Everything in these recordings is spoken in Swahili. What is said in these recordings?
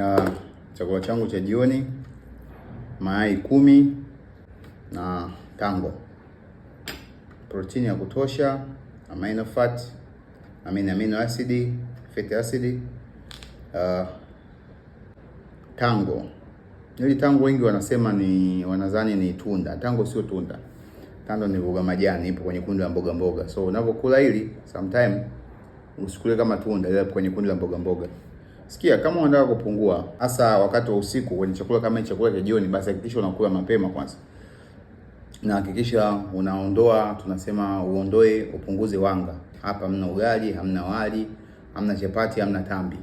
ya ah, chakula changu cha jioni, mayai kumi na tango, protini ya kutosha, amino fat, amino amino acid, fatty acid, uh, tango. ili tango wengi wanasema ni wanadhani ni tunda. Tango sio tunda. Tango ni mboga majani, ipo kwenye kundi la mboga mboga. So unapokula hili sometime usikule kama tunda, ila kwenye kundi la mboga mboga. Sikia, kama unataka kupungua hasa wakati wa usiku kwenye chakula kama chakula cha jioni, basi hakikisha unakula mapema kwanza, na hakikisha unaondoa, tunasema uondoe, upunguze wanga. Hapa hamna ugali, hamna wali, hamna chapati, hamna tambi,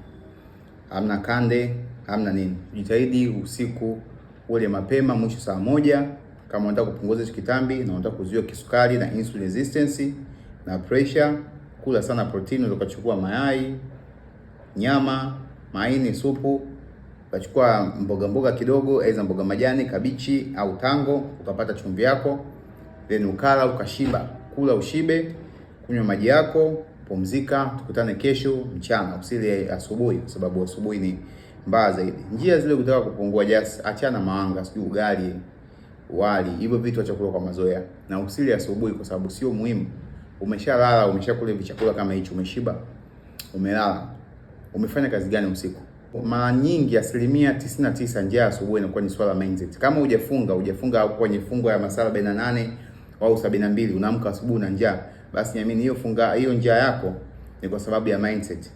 hamna kande, hamna nini. Jitahidi usiku ule mapema, mwisho saa moja, kama unataka kupunguza hicho kitambi na unataka kuzuia kisukari na insulin resistance na pressure. Kula sana protini, ukachukua mayai, nyama maini, supu, ukachukua mboga mboga kidogo, aidha mboga majani, kabichi au tango, ukapata chumvi yako, then ukala ukashiba. Kula ushibe, kunywa maji yako, pumzika, tukutane kesho mchana, usili asubuhi, kwa sababu asubuhi ni mbaya zaidi. Njia zile kutaka kupungua jasi, achana maanga, sijui ugali, wali, hivyo vitu acha kwa mazoea, na usili asubuhi kwa sababu sio muhimu. Umeshalala, umeshakula vichakula kama hicho, umeshiba, umelala umefanya kazi gani usiku. Mara nyingi asilimia 99 njaa asubuhi inakuwa ni swala mindset. Kama hujafunga hujafunga au kwenye fungo ya masaa 48 au 72 unaamka asubuhi na njaa, basi niamini hiyo funga hiyo njaa yako ni kwa sababu ya mindset.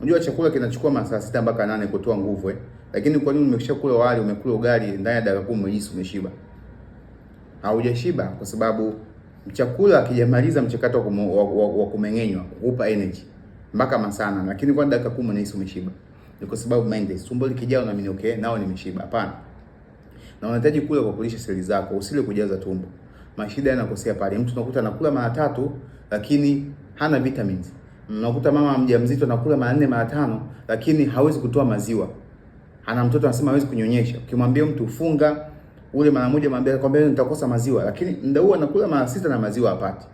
Unajua chakula kinachukua masaa sita mpaka nane kutoa nguvu eh. Lakini kwa nini umekisha kula wali, umekula ugali ndani ya dakika 10 umejisi umeshiba? Haujashiba kwa sababu chakula kijamaliza mchakato wa kumeng'enywa, kukupa energy mpaka masana, lakini kwa dakika kumi unahisi umeshiba. Ni kwa sababu mind, tumbo likijaa unaamini okay, nao nimeshiba. Hapana, na unahitaji kula kwa kulisha seli zako, usile kujaza tumbo. Mashida yanakosea pale, mtu unakuta anakula mara tatu lakini hana vitamins. Unakuta mama mjamzito anakula mara nne mara tano, lakini hawezi kutoa maziwa. Ana mtoto anasema hawezi kunyonyesha. Ukimwambia mtu funga ule mara moja, mwambie kwamba nitakosa maziwa, lakini ndio huwa anakula mara sita na maziwa hapati.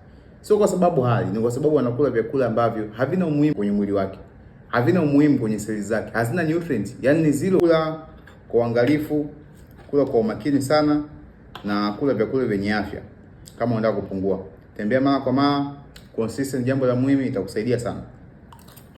Sio kwa sababu hali, ni kwa sababu anakula vyakula ambavyo havina umuhimu kwenye mwili wake, havina umuhimu kwenye seli zake, hazina nutrients, yani ni zero. Kula kwa uangalifu, kula kwa umakini sana, na kula vyakula vyenye afya kama unataka kupungua. Tembea mara kwa mara, consistent, jambo la muhimu, itakusaidia sana.